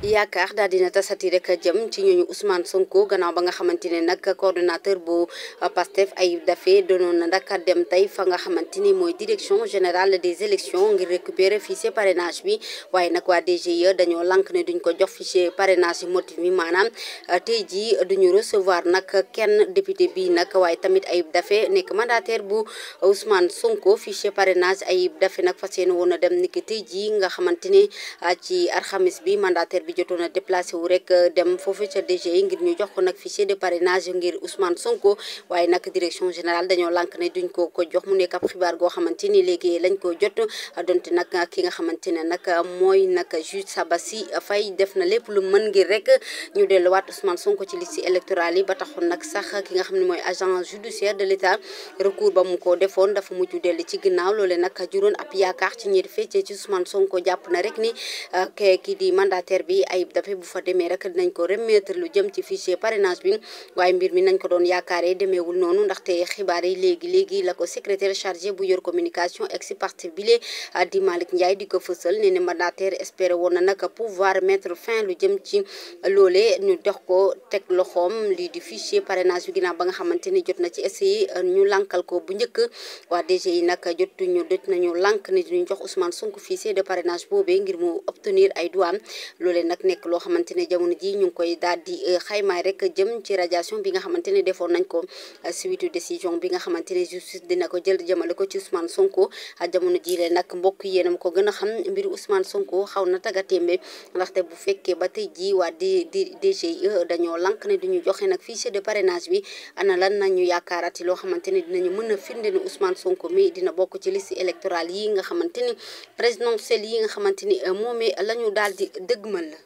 yaakaar daal dina tasati rek jëm ci ñooñu Ousmane Sonko gannaaw ba nga xamante ne nag coordonnateur bu Pastef Ayib Daffé doonoon na nag dem tey fa nga xamante ni mooy direction générale des élections ngir récupérer fichier parrainage bi waaye nag waa DGE dañoo lank ne duñ ko jox fichier parrainage motif bi maanaam euh, tey jii duñu recevoir nag kenn député bi nag waaye tamit Ayib Daffé nekk mandataire bu Ousmane Sonko fichier parrainage Ayib Daffé nag fa yéene woon dem niki tey jii nga xamante ne euh, ci alxamis bi mandataire bi jotoon a déplacé wu rek euh, dem foofu ca DGI ngir ñu jox ko nag fichier de parrainage ngir Ousmane Sonko waaye nag direction générale dañoo lànk ne duñ ko ko jox mu nekk ab xibaar goo xamante léegi lañ ko jot donte nag ki nga xamante ne mooy nag na lépp lu mën ngir rek ñu delluwaat Ousmane Sonko ci liste électorale yi ba taxoon nag sax ki nga xam ne mooy agent judiciaire de l'État recours ba mu ko defoon dafa mujj dellu ci ginnaaw loole nag juróon ab yaakaar ci ñi feccee ci Ousmane Sonko jàpp na rek ni euh, kii di mandataire bi yi ayib dafay bu fa demee rek dinañ ko remettre lu jëm ci fichier parrainage bi waaye mbir mi nañ ko doon yaakaaree demeewul noonu ndaxte xibaar yi léegi léegi la ko secrétaire chargé bu yor communication ex parti bile di Malick Ndiaye di ko fësal nee na mandataire espéré woon na nag pouvoir metre fin lu jëm ci loolee ñu dox ko teg loxoom lii di fichier parrainage bi ginnaaw ba nga xamante ni jot na ci essayé ñu lankal ko bu njëkk waa DG yi nag jotuñu doj nañu lank ni ñu jox Ousmane Sonko fichier de parrainage nag nekk loo xamante ne jamono ji ñu ngi koy daal di euh, xaymaay rek jëm ci radiation bi nga xamante ne defoon nañ ko euh, suite décision bi nga xamante ne justice dina ko jël jëmale ko ci Ousmane Sonko euh, jamono ji leen nag mbokk yéenam ko gën a xam mbir Ousmane Sonko xaw na tagatémbe ndaxte bu fekkee ba tey ji waa di di DGE dañoo lank ne duñu joxe nag fichier de parrainage bi ana lan nañu yaakaarati loo xamante ne dinañu mën a firnde ne Ousmane Sonko mi dina bokk ci liste électorale yi nga xamante ni présidentielle yi nga xamante ni moomee la ñu daal di dëgmal